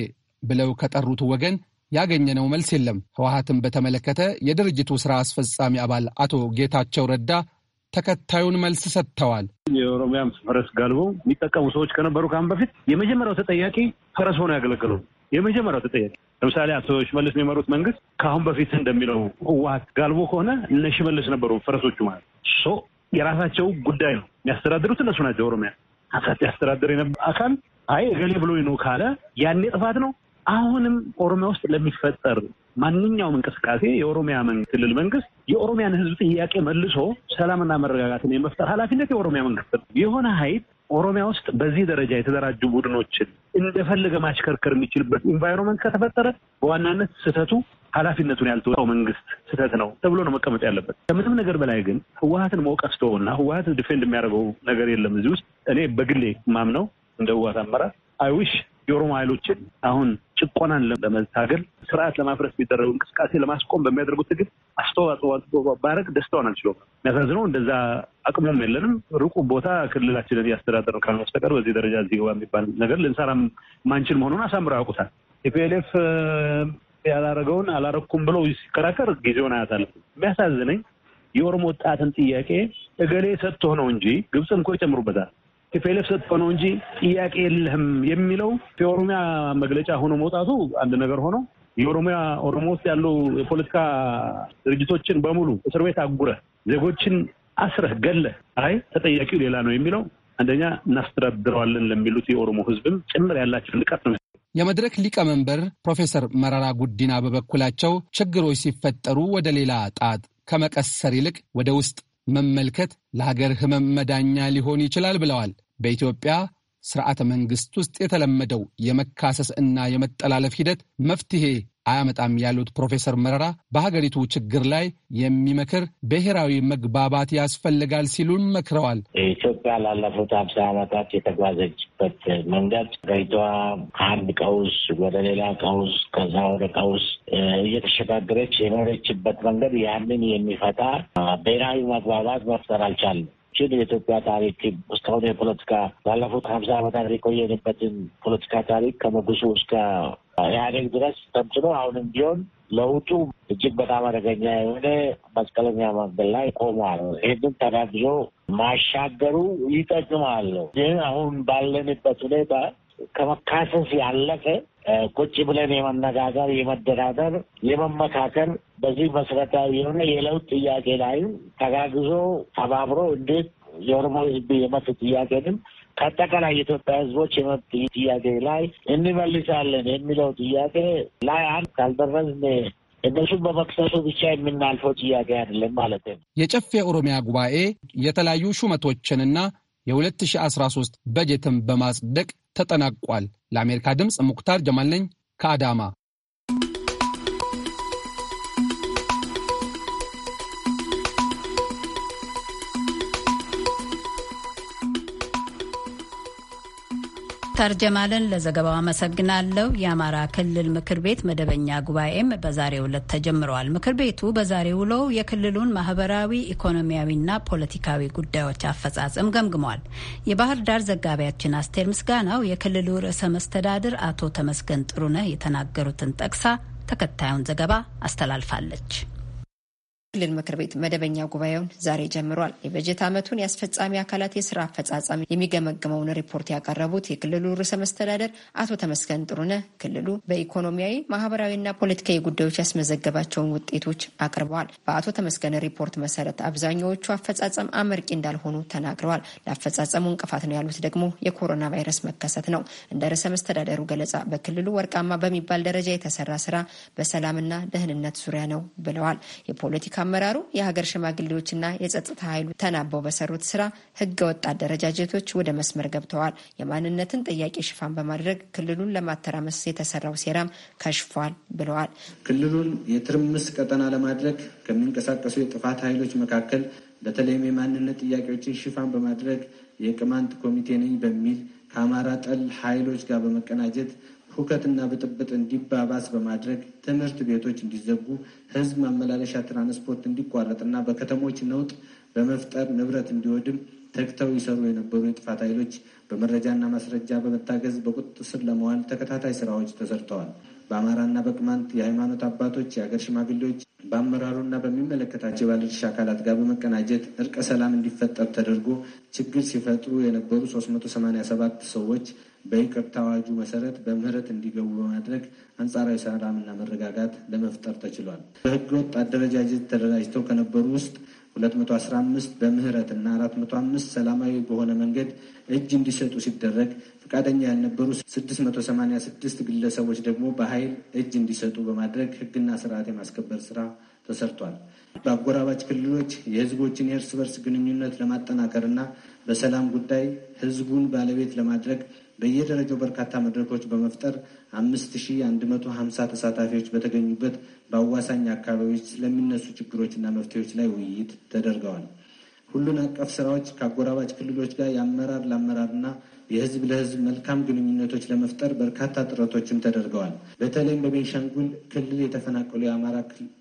[SPEAKER 6] ብለው ከጠሩት ወገን ያገኘነው መልስ የለም። ህወሀትን በተመለከተ የድርጅቱ ስራ አስፈጻሚ አባል አቶ ጌታቸው ረዳ ተከታዩን መልስ ሰጥተዋል።
[SPEAKER 7] የኦሮሚያም ፈረስ ጋልቦ የሚጠቀሙ ሰዎች ከነበሩ ከአሁን በፊት የመጀመሪያው ተጠያቂ ፈረስ ሆነ ያገለገሉ የመጀመሪያው ተጠያቂ ለምሳሌ አቶ ሽመልስ የሚመሩት መንግስት ከአሁን በፊት እንደሚለው ህወሀት ጋልቦ ከሆነ እነ ሽመልስ ነበሩ ፈረሶቹ ማለት ሶ የራሳቸው ጉዳይ ነው የሚያስተዳድሩት እነሱ ናቸው። ኦሮሚያ ያስተዳድር የነበረ አካል አይ እገሌ ብሎ ነው ካለ ያኔ ጥፋት ነው አሁንም ኦሮሚያ ውስጥ ለሚፈጠር ማንኛውም እንቅስቃሴ የኦሮሚያ ክልል መንግስት የኦሮሚያን ህዝብ ጥያቄ መልሶ ሰላምና መረጋጋትን የመፍጠር ኃላፊነት የኦሮሚያ መንግስት ነው። የሆነ ሀይል ኦሮሚያ ውስጥ በዚህ ደረጃ የተደራጁ ቡድኖችን እንደፈለገ ማሽከርከር የሚችልበት ኢንቫይሮንመንት ከተፈጠረ በዋናነት ስህተቱ ኃላፊነቱን ያልተወጣው መንግስት ስህተት ነው ተብሎ ነው መቀመጥ ያለበት። ከምንም ነገር በላይ ግን ህወሀትን መውቀፍ እና ህወሀት ዲፌንድ የሚያደርገው ነገር የለም እዚህ ውስጥ እኔ በግሌ ማምነው እንደ ህወሀት አመራር አይዊሽ የኦሮሞ ኃይሎችን አሁን ጭቆናን ለመታገል ስርዓት ለማፍረስ የሚደረጉ እንቅስቃሴ ለማስቆም በሚያደርጉት ትግል አስተዋጽኦ ባረግ ደስታውን አልችለውም። የሚያሳዝነው እንደዛ አቅሙም የለንም። ሩቁ ቦታ ክልላችንን እያስተዳደር ካልሆነ በስተቀር በዚህ ደረጃ እዚህ ግባ የሚባል ነገር ልንሰራ ማንችል መሆኑን አሳምረው ያውቁታል። ኢፒኤልኤፍ ያላረገውን አላረኩም ብለው ሲከራከር ጊዜውን አያሳልፍ። የሚያሳዝነኝ የኦሮሞ ወጣትን ጥያቄ እገሌ ሰጥቶ ነው እንጂ ግብፅም እኮ ይጨምሩበታል ቲፒኤልኤፍ ሰጥቶ ነው እንጂ ጥያቄ የለህም የሚለው የኦሮሚያ መግለጫ ሆኖ መውጣቱ አንድ ነገር ሆኖ የኦሮሚያ ኦሮሞ ውስጥ ያሉ የፖለቲካ ድርጅቶችን በሙሉ እስር ቤት አጉረ ዜጎችን አስረህ ገለህ አይ ተጠያቂው ሌላ ነው የሚለው አንደኛ እናስተዳድረዋለን ለሚሉት የኦሮሞ ህዝብም ጭምር ያላቸው
[SPEAKER 8] ንቀት ነው።
[SPEAKER 6] የመድረክ ሊቀመንበር ፕሮፌሰር መረራ ጉዲና በበኩላቸው ችግሮች ሲፈጠሩ ወደ ሌላ ጣት ከመቀሰር ይልቅ ወደ ውስጥ መመልከት ለሀገር ህመም መዳኛ ሊሆን ይችላል ብለዋል። በኢትዮጵያ ስርዓተ መንግስት ውስጥ የተለመደው የመካሰስ እና የመጠላለፍ ሂደት መፍትሄ አያመጣም ያሉት ፕሮፌሰር መረራ በሀገሪቱ ችግር ላይ የሚመክር ብሔራዊ መግባባት ያስፈልጋል ሲሉን መክረዋል።
[SPEAKER 9] ኢትዮጵያ ላለፉት ሀምሳ ዓመታት የተጓዘችበት መንገድ ሀገሪቷ ከአንድ ቀውስ ወደ ሌላ ቀውስ ከዛ ወደ ቀውስ እየተሸጋገረች የኖረችበት መንገድ ያንን የሚፈታ ብሔራዊ መግባባት መፍጠር አልቻለም። ግን የኢትዮጵያ ታሪክ እስካሁን የፖለቲካ ባለፉት ሀምሳ ዓመታት የቆየንበትን ፖለቲካ ታሪክ ከንጉሱ እስከ ኢህአዴግ ድረስ ተምችኖ አሁንም ቢሆን ለውጡ እጅግ በጣም አደገኛ የሆነ መስቀለኛ መንገድ ላይ ቆሟል። ይህንን ተናግዞ ማሻገሩ ይጠቅማል። ግን አሁን ባለንበት ሁኔታ ከመካሰስ ያለፈ ቁጭ ብለን የመነጋገር፣ የመደራደር፣ የመመካከል በዚህ መሰረታዊ የሆነ የለውጥ ጥያቄ ላይም ተጋግዞ ተባብሮ እንዴት የኦሮሞ ህዝብ የመብት ጥያቄንም ከአጠቃላይ የኢትዮጵያ ህዝቦች የመብት ጥያቄ ላይ እንመልሳለን የሚለው ጥያቄ ላይ አንድ ካልደረስን እነሱን በመክሰሱ ብቻ የምናልፈው ጥያቄ አይደለም ማለት ነው።
[SPEAKER 6] የጨፌ ኦሮሚያ ጉባኤ የተለያዩ ሹመቶችንና የ2013 በጀትን በማጽደቅ ተጠናቋል። ለአሜሪካ ድምፅ ሙክታር ጀማል ነኝ ከአዳማ።
[SPEAKER 1] ሙክታር ጀማልን ለዘገባው አመሰግናለሁ። የአማራ ክልል ምክር ቤት መደበኛ ጉባኤም በዛሬው ዕለት ተጀምረዋል። ምክር ቤቱ በዛሬው ውሎው የክልሉን ማህበራዊ፣ ኢኮኖሚያዊና ፖለቲካዊ ጉዳዮች አፈጻጸም ገምግሟል። የባህር ዳር ዘጋቢያችን አስቴር ምስጋናው የክልሉ ርዕሰ መስተዳድር አቶ ተመስገን ጥሩነህ የተናገሩትን ጠቅሳ ተከታዩን ዘገባ አስተላልፋለች።
[SPEAKER 10] ክልል ምክር ቤት መደበኛ ጉባኤውን ዛሬ ጀምሯል። የበጀት ዓመቱን የአስፈጻሚ አካላት የስራ አፈጻጸም የሚገመግመውን ሪፖርት ያቀረቡት የክልሉ ርዕሰ መስተዳደር አቶ ተመስገን ጥሩነህ ክልሉ በኢኮኖሚያዊ ማህበራዊና ፖለቲካዊ ጉዳዮች ያስመዘገባቸውን ውጤቶች አቅርበዋል። በአቶ ተመስገን ሪፖርት መሰረት አብዛኛዎቹ አፈጻጸም አመርቂ እንዳልሆኑ ተናግረዋል። ለአፈጻጸሙ እንቅፋት ነው ያሉት ደግሞ የኮሮና ቫይረስ መከሰት ነው። እንደ ርዕሰ መስተዳደሩ ገለጻ በክልሉ ወርቃማ በሚባል ደረጃ የተሰራ ስራ በሰላምና ደህንነት ዙሪያ ነው ብለዋል። የፖለቲካ አመራሩ የሀገር ሽማግሌዎችና የጸጥታ ኃይሉ ተናበው በሰሩት ስራ ህገ ህገወጥ አደረጃጀቶች ወደ መስመር ገብተዋል። የማንነትን ጥያቄ ሽፋን በማድረግ ክልሉን ለማተራመስ የተሰራው ሴራም ከሽፏል ብለዋል።
[SPEAKER 11] ክልሉን የትርምስ ቀጠና ለማድረግ ከሚንቀሳቀሱ የጥፋት ኃይሎች መካከል በተለይም የማንነት ጥያቄዎችን ሽፋን በማድረግ የቅማንት ኮሚቴ ነኝ በሚል ከአማራ ጠል ኃይሎች ጋር በመቀናጀት ሁከትና ብጥብጥ እንዲባባስ በማድረግ ትምህርት ቤቶች እንዲዘጉ፣ ህዝብ ማመላለሻ ትራንስፖርት እንዲቋረጥና በከተሞች ነውጥ በመፍጠር ንብረት እንዲወድም ተግተው ይሰሩ የነበሩ የጥፋት ኃይሎች በመረጃና ማስረጃ በመታገዝ በቁጥጥር ስር ለመዋል ተከታታይ ስራዎች ተሰርተዋል። በአማራና በቅማንት የሃይማኖት አባቶች፣ የአገር ሽማግሌዎች በአመራሩና በሚመለከታቸው የባለድርሻ አካላት ጋር በመቀናጀት እርቀ ሰላም እንዲፈጠር ተደርጎ ችግር ሲፈጥሩ የነበሩ 387 ሰዎች በይቅርታ አዋጁ መሰረት በምህረት እንዲገቡ በማድረግ አንጻራዊ ሰላምና መረጋጋት ለመፍጠር ተችሏል። ወጥ አደረጃጀት ተደራጅተው ከነበሩ ውስጥ 215 በምህረት እና 405 ሰላማዊ በሆነ መንገድ እጅ እንዲሰጡ ሲደረግ ፈቃደኛ ያልነበሩ 686 ግለሰቦች ደግሞ በኃይል እጅ እንዲሰጡ በማድረግ ህግና ስርዓት የማስከበር ስራ ተሰርቷል። በአጎራባች ክልሎች የህዝቦችን የእርስ በርስ ግንኙነት ለማጠናከር እና በሰላም ጉዳይ ህዝቡን ባለቤት ለማድረግ በየደረጃው በርካታ መድረኮች በመፍጠር 5150 ተሳታፊዎች በተገኙበት በአዋሳኝ አካባቢዎች ስለሚነሱ ችግሮችና መፍትሄዎች ላይ ውይይት ተደርገዋል። ሁሉን አቀፍ ስራዎች ከአጎራባጭ ክልሎች ጋር የአመራር ለአመራርና የህዝብ ለህዝብ መልካም ግንኙነቶች ለመፍጠር በርካታ ጥረቶችም ተደርገዋል። በተለይም በቤንሻንጉል ክልል የተፈናቀሉ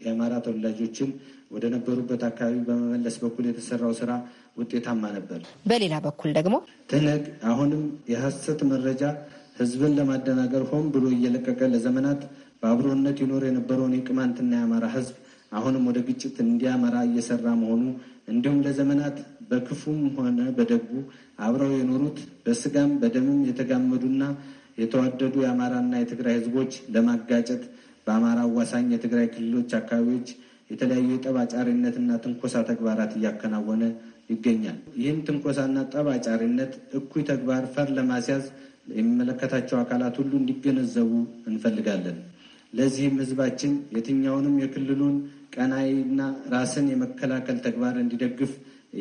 [SPEAKER 11] የአማራ ተወላጆችን ወደ ነበሩበት አካባቢ በመመለስ በኩል የተሰራው ስራ ውጤታማ ነበር።
[SPEAKER 10] በሌላ በኩል ደግሞ
[SPEAKER 11] ትህነግ አሁንም የሐሰት መረጃ ህዝብን ለማደናገር ሆን ብሎ እየለቀቀ ለዘመናት በአብሮነት ይኖር የነበረውን የቅማንትና የአማራ ህዝብ አሁንም ወደ ግጭት እንዲያመራ እየሰራ መሆኑ እንዲሁም ለዘመናት በክፉም ሆነ በደጉ አብረው የኖሩት በስጋም በደምም የተጋመዱና የተዋደዱ የአማራና የትግራይ ህዝቦች ለማጋጨት በአማራ አዋሳኝ የትግራይ ክልሎች አካባቢዎች የተለያዩ የጠብ አጫሪነትና ትንኮሳ ተግባራት እያከናወነ ይገኛል። ይህም ትንኮሳና ጠብ አጫሪነት፣ እኩይ ተግባር ፈር ለማስያዝ የሚመለከታቸው አካላት ሁሉ እንዲገነዘቡ እንፈልጋለን። ለዚህም ህዝባችን የትኛውንም የክልሉን ቀናይና ራስን የመከላከል ተግባር እንዲደግፍ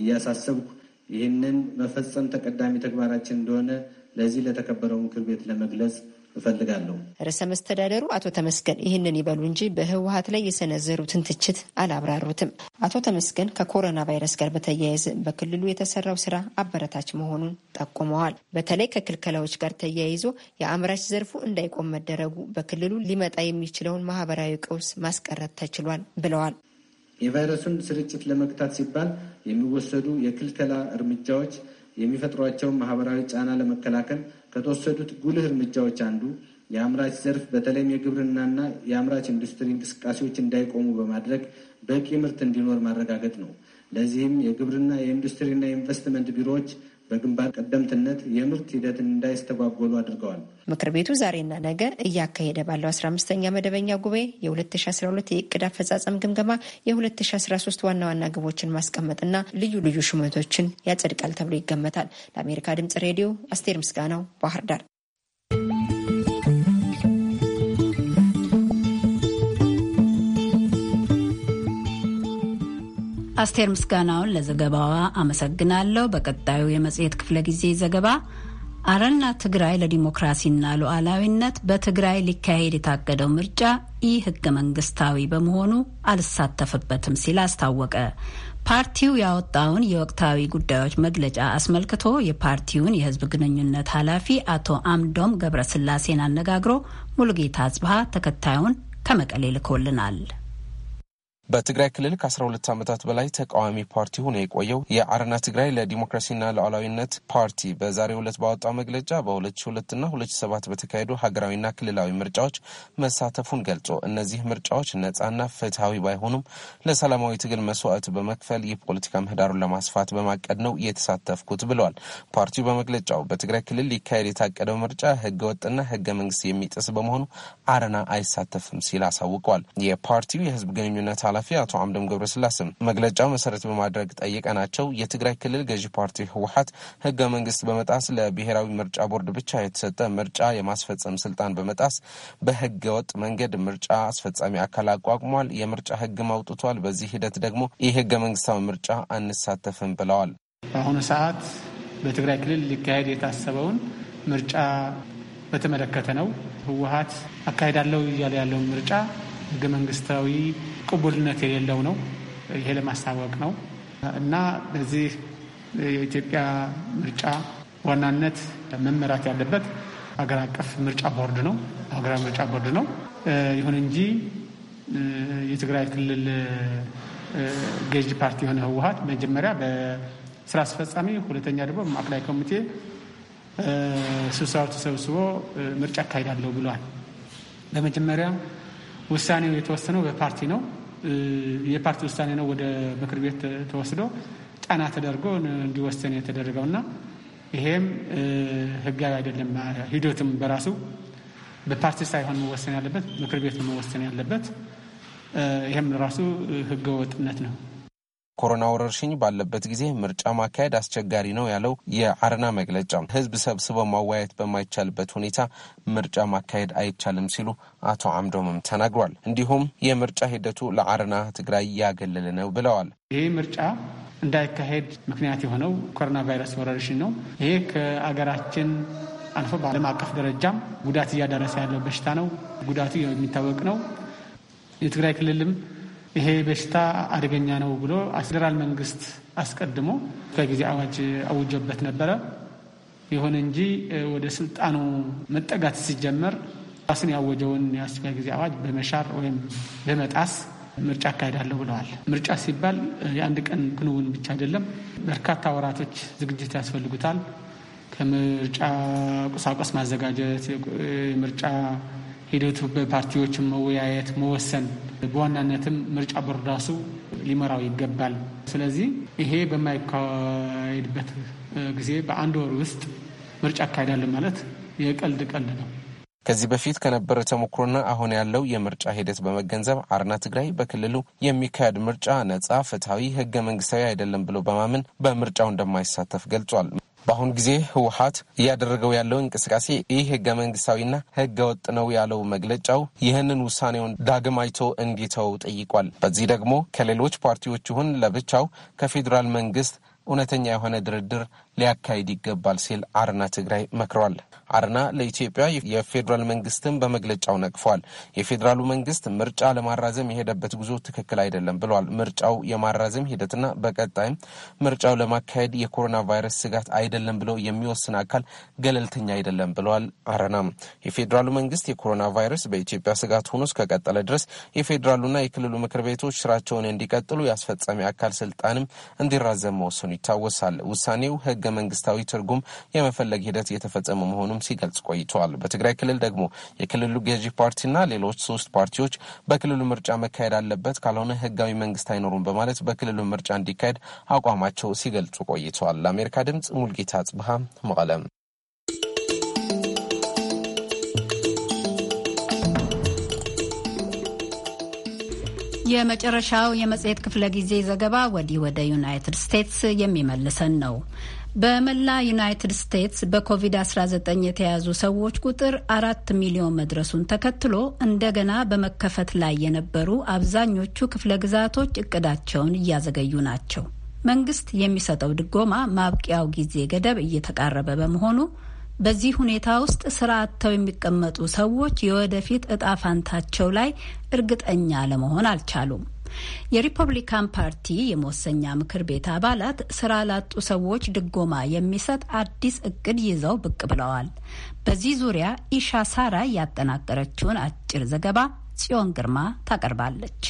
[SPEAKER 11] እያሳሰብኩ ይህንን መፈጸም ተቀዳሚ ተግባራችን እንደሆነ ለዚህ ለተከበረው ምክር ቤት ለመግለጽ እፈልጋለሁ።
[SPEAKER 10] ርዕሰ መስተዳደሩ አቶ ተመስገን ይህንን ይበሉ እንጂ በህወሀት ላይ የሰነዘሩትን ትችት አላብራሩትም። አቶ ተመስገን ከኮሮና ቫይረስ ጋር በተያያዘ በክልሉ የተሰራው ስራ አበረታች መሆኑን ጠቁመዋል። በተለይ ከክልከላዎች ጋር ተያይዞ የአምራች ዘርፉ እንዳይቆም መደረጉ በክልሉ ሊመጣ የሚችለውን ማህበራዊ ቀውስ ማስቀረት ተችሏል ብለዋል።
[SPEAKER 11] የቫይረሱን ስርጭት ለመግታት ሲባል የሚወሰዱ የክልከላ እርምጃዎች የሚፈጥሯቸውን ማህበራዊ ጫና ለመከላከል ከተወሰዱት ጉልህ እርምጃዎች አንዱ የአምራች ዘርፍ በተለይም የግብርናና የአምራች ኢንዱስትሪ እንቅስቃሴዎች እንዳይቆሙ በማድረግ በቂ ምርት እንዲኖር ማረጋገጥ ነው። ለዚህም የግብርና የኢንዱስትሪና የኢንቨስትመንት ቢሮዎች በግንባር ቀደምትነት የምርት ሂደትን እንዳይስተጓጎሉ አድርገዋል።
[SPEAKER 10] ምክር ቤቱ ዛሬና ነገ እያካሄደ ባለው አስራ አምስተኛ መደበኛ ጉባኤ የ2012 የእቅድ አፈጻጸም ግምገማ የ2013 ዋና ዋና ግቦችን ማስቀመጥና ልዩ ልዩ ሹመቶችን ያጸድቃል ተብሎ ይገመታል። ለአሜሪካ ድምጽ ሬዲዮ አስቴር ምስጋናው ባህር ዳር።
[SPEAKER 1] አስቴር ምስጋናውን ለዘገባዋ አመሰግናለሁ። በቀጣዩ የመጽሔት ክፍለ ጊዜ ዘገባ አረና ትግራይ ለዲሞክራሲና ሉዓላዊነት በትግራይ ሊካሄድ የታገደው ምርጫ ኢ ህገ መንግስታዊ በመሆኑ አልሳተፍበትም ሲል አስታወቀ። ፓርቲው ያወጣውን የወቅታዊ ጉዳዮች መግለጫ አስመልክቶ የፓርቲውን የህዝብ ግንኙነት ኃላፊ አቶ አምዶም ገብረስላሴን አነጋግሮ ሙሉጌታ አጽብሃ ተከታዩን ከመቀሌ ልኮልናል።
[SPEAKER 12] በትግራይ ክልል ከ12 ዓመታት በላይ ተቃዋሚ ፓርቲ ሆኖ የቆየው የአረና ትግራይ ለዲሞክራሲና ለሉዓላዊነት ፓርቲ በዛሬው ዕለት ባወጣው መግለጫ በ2002 እና 2007 በተካሄዱ ሀገራዊና ክልላዊ ምርጫዎች መሳተፉን ገልጾ እነዚህ ምርጫዎች ነጻና ፍትሐዊ ባይሆኑም ለሰላማዊ ትግል መስዋዕት በመክፈል የፖለቲካ ምህዳሩን ለማስፋት በማቀድ ነው የተሳተፍኩት ብለዋል። ፓርቲው በመግለጫው በትግራይ ክልል ሊካሄድ የታቀደው ምርጫ ህገ ወጥና ህገ መንግስት የሚጥስ በመሆኑ አረና አይሳተፍም ሲል አሳውቋል። የፓርቲው የህዝብ ግንኙነት ኃላፊ አቶ አምደም ገብረስላሴም መግለጫው መሰረት በማድረግ ናቸው። የትግራይ ክልል ገዢ ፓርቲ ህወሀት ህገ መንግስት በመጣስ ለብሔራዊ ምርጫ ቦርድ ብቻ የተሰጠ ምርጫ የማስፈጸም ስልጣን በመጣስ በህገ ወጥ መንገድ ምርጫ አስፈጻሚ አካል አቋቁሟል፣ የምርጫ ህግም አውጥቷል። በዚህ ሂደት ደግሞ ይህ ህገ መንግስታዊ ምርጫ አንሳተፍም ብለዋል።
[SPEAKER 13] በአሁኑ ሰዓት በትግራይ ክልል ሊካሄድ የታሰበውን ምርጫ በተመለከተ ነው። ህወሀት አካሄዳለሁ እያለ ያለው ምርጫ ህገ መንግስታዊ ቅቡልነት የሌለው ነው። ይሄ ለማስታወቅ ነው እና በዚህ የኢትዮጵያ ምርጫ ዋናነት መመራት ያለበት ሀገር አቀፍ ምርጫ ቦርድ ነው፣ ሀገራዊ ምርጫ ቦርድ ነው። ይሁን እንጂ የትግራይ ክልል ገዥ ፓርቲ የሆነ ህወሀት መጀመሪያ በስራ አስፈጻሚ፣ ሁለተኛ ደግሞ ማዕከላዊ ኮሚቴ ስብሰባ ተሰብስቦ ምርጫ አካሂዳለሁ ብሏል። በመጀመሪያ ውሳኔው የተወሰነው በፓርቲ ነው። የፓርቲ ውሳኔ ነው ወደ ምክር ቤት ተወስዶ ጫና ተደርጎ እንዲወሰን የተደረገው እና ይሄም ህጋዊ አይደለም። ሂደትም በራሱ በፓርቲ ሳይሆን መወሰን ያለበት ምክር ቤት መወሰን ያለበት ይህም ራሱ ህገወጥነት ነው።
[SPEAKER 12] ኮሮና ወረርሽኝ ባለበት ጊዜ ምርጫ ማካሄድ አስቸጋሪ ነው ያለው የአረና መግለጫ ህዝብ ሰብስበ ማወያየት በማይቻልበት ሁኔታ ምርጫ ማካሄድ አይቻልም ሲሉ አቶ አምዶምም ተናግሯል። እንዲሁም የምርጫ ሂደቱ ለአረና
[SPEAKER 13] ትግራይ እያገለለ ነው ብለዋል። ይሄ ምርጫ እንዳይካሄድ ምክንያት የሆነው ኮሮና ቫይረስ ወረርሽኝ ነው። ይሄ ከአገራችን አልፎ በዓለም አቀፍ ደረጃም ጉዳት እያደረሰ ያለው በሽታ ነው። ጉዳቱ የሚታወቅ ነው። የትግራይ ክልልም ይሄ በሽታ አደገኛ ነው ብሎ ፌዴራል መንግስት አስቀድሞ ከጊዜ አዋጅ አውጆበት ነበረ። ይሁን እንጂ ወደ ስልጣኑ መጠጋት ሲጀመር ራስን ያወጀውን የአስቸኳይ ጊዜ አዋጅ በመሻር ወይም በመጣስ ምርጫ አካሄዳለሁ ብለዋል። ምርጫ ሲባል የአንድ ቀን ክንውን ብቻ አይደለም። በርካታ ወራቶች ዝግጅት ያስፈልጉታል። ከምርጫ ቁሳቁስ ማዘጋጀት፣ የምርጫ ሂደቱ በፓርቲዎችን መወያየት፣ መወሰን በዋናነትም ምርጫ ቦርድ ራሱ ሊመራው ይገባል። ስለዚህ ይሄ በማይካሄድበት ጊዜ በአንድ ወር ውስጥ ምርጫ አካሄዳለን ማለት የቀልድ ቀልድ ነው።
[SPEAKER 12] ከዚህ በፊት ከነበረ ተሞክሮና አሁን ያለው የምርጫ ሂደት በመገንዘብ አርና ትግራይ በክልሉ የሚካሄድ ምርጫ ነጻ፣ ፍትሐዊ፣ ህገ መንግስታዊ አይደለም ብሎ በማመን በምርጫው እንደማይሳተፍ ገልጿል። በአሁኑ ጊዜ ህወሀት እያደረገው ያለው እንቅስቃሴ ይህ ህገ መንግስታዊና ህገ ወጥ ነው ያለው መግለጫው ይህንን ውሳኔውን ዳግም አይቶ እንዲተው ጠይቋል። በዚህ ደግሞ ከሌሎች ፓርቲዎች ይሁን ለብቻው ከፌዴራል መንግስት እውነተኛ የሆነ ድርድር ሊያካሂድ ይገባል ሲል አረና ትግራይ መክረዋል። አረና ለኢትዮጵያ የፌዴራል መንግስትን በመግለጫው ነቅፏል። የፌዴራሉ መንግስት ምርጫ ለማራዘም የሄደበት ጉዞ ትክክል አይደለም ብለዋል። ምርጫው የማራዘም ሂደትና በቀጣይም ምርጫው ለማካሄድ የኮሮና ቫይረስ ስጋት አይደለም ብለው የሚወስን አካል ገለልተኛ አይደለም ብለዋል። አረና የፌዴራሉ መንግስት የኮሮና ቫይረስ በኢትዮጵያ ስጋት ሆኖ እስከቀጠለ ድረስ የፌዴራሉና የክልሉ ምክር ቤቶች ስራቸውን እንዲቀጥሉ የአስፈጻሚ አካል ስልጣንም እንዲራዘም መወሰኑ ይታወሳል። ውሳኔው ህግ ህገ መንግስታዊ ትርጉም የመፈለግ ሂደት እየተፈጸመ መሆኑም ሲገልጽ ቆይተዋል። በትግራይ ክልል ደግሞ የክልሉ ገዢ ፓርቲና ሌሎች ሶስት ፓርቲዎች በክልሉ ምርጫ መካሄድ አለበት፣ ካልሆነ ህጋዊ መንግስት አይኖሩም በማለት በክልሉ ምርጫ እንዲካሄድ አቋማቸው ሲገልጹ ቆይተዋል። ለአሜሪካ ድምጽ ሙልጌታ ጽብሃ መቀለም።
[SPEAKER 1] የመጨረሻው የመጽሔት ክፍለ ጊዜ ዘገባ ወዲህ ወደ ዩናይትድ ስቴትስ የሚመልሰን ነው። በመላ ዩናይትድ ስቴትስ በኮቪድ-19 የተያዙ ሰዎች ቁጥር አራት ሚሊዮን መድረሱን ተከትሎ እንደገና በመከፈት ላይ የነበሩ አብዛኞቹ ክፍለ ግዛቶች እቅዳቸውን እያዘገዩ ናቸው። መንግስት የሚሰጠው ድጎማ ማብቂያው ጊዜ ገደብ እየተቃረበ በመሆኑ በዚህ ሁኔታ ውስጥ ስራ አጥተው የሚቀመጡ ሰዎች የወደፊት እጣ ፋንታቸው ላይ እርግጠኛ ለመሆን አልቻሉም። የሪፐብሊካን ፓርቲ የመወሰኛ ምክር ቤት አባላት ስራ ላጡ ሰዎች ድጎማ የሚሰጥ አዲስ እቅድ ይዘው ብቅ ብለዋል። በዚህ ዙሪያ ኢሻ ሳራ ያጠናቀረችውን አጭር ዘገባ ጽዮን ግርማ ታቀርባለች።